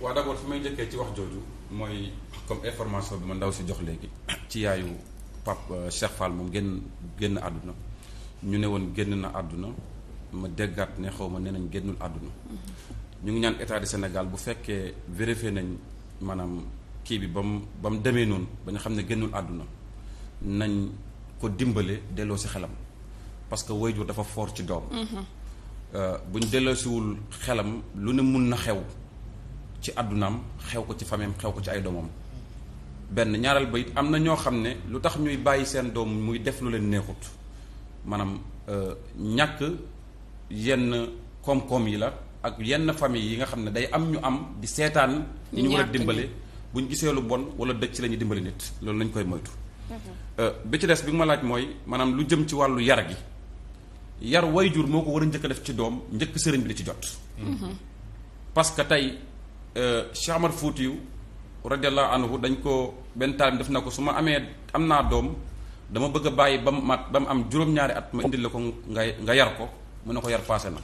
waaw d'abord fi may njëkkee ci wax jooju mooy comme information bi ma ndaw si jox léegi ci yaayu Pape euh, Cheikh Fall moom génn génn àdduna ñu ne woon génn na àdduna ma déggaat ne xaw ma ne nañ génnul àdduna mm-hmm. ñu ngi ñaan état du Sénégal bu fekkee vérifié nañ maanaam kii bi ba mu ba mu demee noonu ba ñu xam ne génnul àdduna nañ ko dimbale delloo si xelam parce que waajur dafa foor ci doom mm-hmm. euh, buñ ñu delloosiwul xelam lu ne mun na xew ci àddunaam xew ko ci fameem xew ko ci ay doomam benn ñaareel ba it am na ñoo xam ne lu tax ñuy bàyyi seen doom muy def lu leen neexut maanaam euh, ñàkk yenn koom-koom yi la ak yenn famille yi nga xam ne day am ñu am di seetaan ñi ñu war a dimbale bu ñu gisee lu bon wala dëj ci la dimbali nit loolu lañ koy moytu mm-hmm. euh, bi ci des bi nga ma laaj mooy maanaam lu jëm ci wàllu yar gi yar way jur moo ko war a njëkk a def ci doom njëkk sëriñ bi di ci jot mm-hmm. parce tey Euh, cheikh Amar Foutiou radiallahu anhu dañ ko benn taalim def na ko su ma amee am naa doom dama bëgg bàyyi ba mu mat ba mu am juróom-ñaari at ma indil la ko nga nga yar ko mu ne ko yar paase na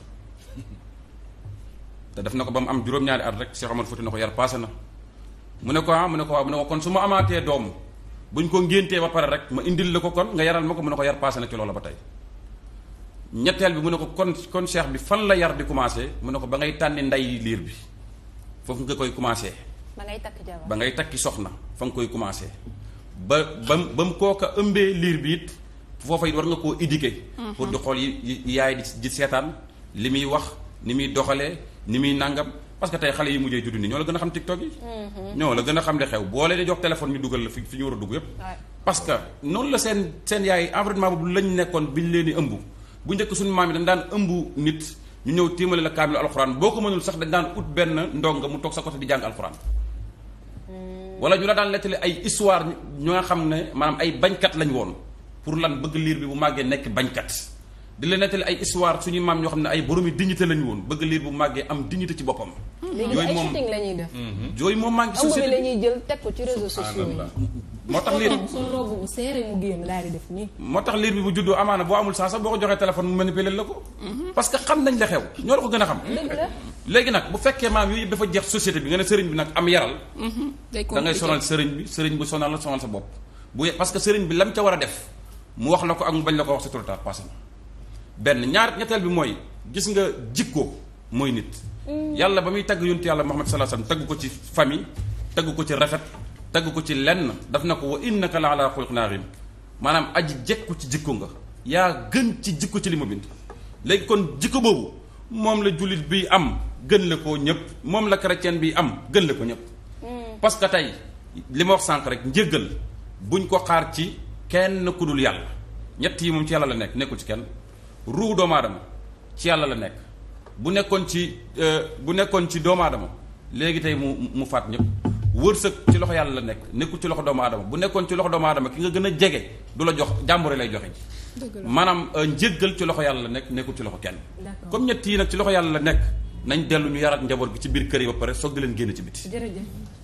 na ko ba mu am juróom-ñaari at rek Cheikh Amar Foutiou ne ko yar paase na mu ne ah, mu ne ko waaw mu ne kon su ma amaatee doom buñ ko ngéntee ba pare rek ma indil la ko kon nga yaral ma ko mu ne ko yar paase na ci loola ba tey ñetteel bi mu ne ko kon kon cheikh bi fan la yar di commencé mu ne ko ba ngay tànni ndey liir bi foofu nga koy commencé. ba ngay takk ba ngay takki soxna fa nga koy commencé. ba ba ba mu kooka ëmbee liir bi it foofa it war nga koo éduquer. Mhm. pour di xool yi yaay di seetaan li muy wax ni muy doxalee ni muy nangam. parce que tey xale yi mujjee juddu nii ñoo la gën a xam TikTok yi. Mhm. ñoo la gën a xam li xew boo leen jox téléphone ñu dugal la fi ñu war a dugg yépp parce que noonu la seen seen yaay environnement boobu lañ nekkoon bi ñu leen di ëmb bu njëkk suñu maam yi dañ daan ëmb nit. ñu ñëw tiimale la kaamilu alxuraan boo ko mënul sax dañ daan ut benn ndonga mu toog sa côté di jàng alxuraan hmm. wala ñu la daan nettali ay histoire ñoo xam ne maanaam ay bañkat lañ woon pour lan bëgg liir bi bu màggee nekk bañkat di la nettali ay histoire suñu maam ñoo xam ne ay boromi dignité lañu woon bëgg liir bu màggee am dignité ci boppam. Hmm, hmm, hmm. yooyu moom léegi ay shooting la ñuy def. teg ko ci réseaux sociaux moo tax liir bi soo robu bu seere mu génn daal moo tax liir bi bu juddoo amaana boo amul saa sax boo ko joxee téléphone mu manipuler la ko. parce que xam nañ la xew ñoo la ko gën a xam. léegi nag bu fekkee maam yooyu dafa jeex société bi nga ne sëriñ bi nag am yaral. da ngay sonal sëriñ bi sëriñ bu sonal la sonal sa bopp bu parce que sëriñ bi lam ca war a de wax la ko la ko wax sa tur benn ñaar ñetteel bi mooy gis nga jikko mooy nit. Mm. yàlla ba muy tagg yontu yàlla Muhammad sallallahu alayhi wasallam tagg ko ci famille tagg ko ci rafet tagg ko ci lenn daf na ko wa innaka la ala xuluqin azim maanaam aji jekku ci jikko nga yaa gën ci jikko ci li ma bind léegi kon jikko boobu moom la jullit bi am gën la ko ñëpp moom la chrétien bi am gën la ko ñëpp mm. parce que tey li ma wax sànq rek njëgal buñ ko xaar ci kenn ku dul yàlla ñett yi moom ci yàlla la nekk nekkul ci kenn ruu doomu aadama ci yàlla la nekk bu nekkoon ci euh, bu nekkoon ci doomu aadama léegi tey mu mu faat ñëpp wërsëg ci loxo yàlla la nekk nekkul ci loxo doomu aadama bu nekkoon ci loxo doomu aadama gën jege du la jox jàmbure lay joxe ji maanaam euh, njéggal ci loxo yàlla la nekk nekkul ci loxo kenn comme ñett yi nag ci loxo yàlla la nekk nañ dellu ñu yaraat njaboot gi ci biir kër yi ba pare soog di leen génn ci biti